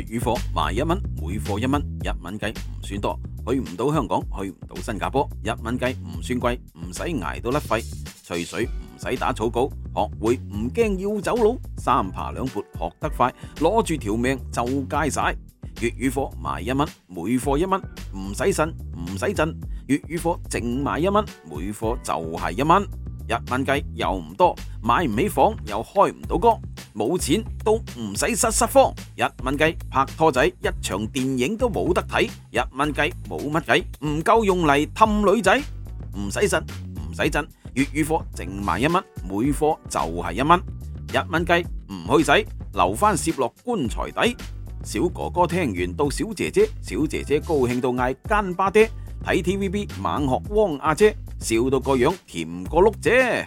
粵語課賣一蚊，每課一蚊，一蚊雞唔算多，去唔到香港，去唔到新加坡，一蚊雞唔算貴，唔使挨到甩肺，吹水唔使打草稿，學會唔驚要走佬，三爬兩撥學得快，攞住條命周街晒。粵語課賣一蚊，每課一蚊，唔使呻，唔使震。粵語課淨賣一蚊，每課就係一蚊，一蚊雞又唔多，買唔起房又開唔到光。冇錢都唔使失失慌，一蚊雞拍拖仔，一場電影都冇得睇，一蚊雞冇乜計，唔夠用嚟氹女仔，唔使呻，唔使震，粵語課淨賣一蚊，每課就係一蚊，一蚊雞唔去使，留翻攝落棺材底。小哥哥聽完到小姐姐，小姐姐高興到嗌干巴爹，睇 TVB 猛學汪阿姐，笑到個樣甜過碌蔗。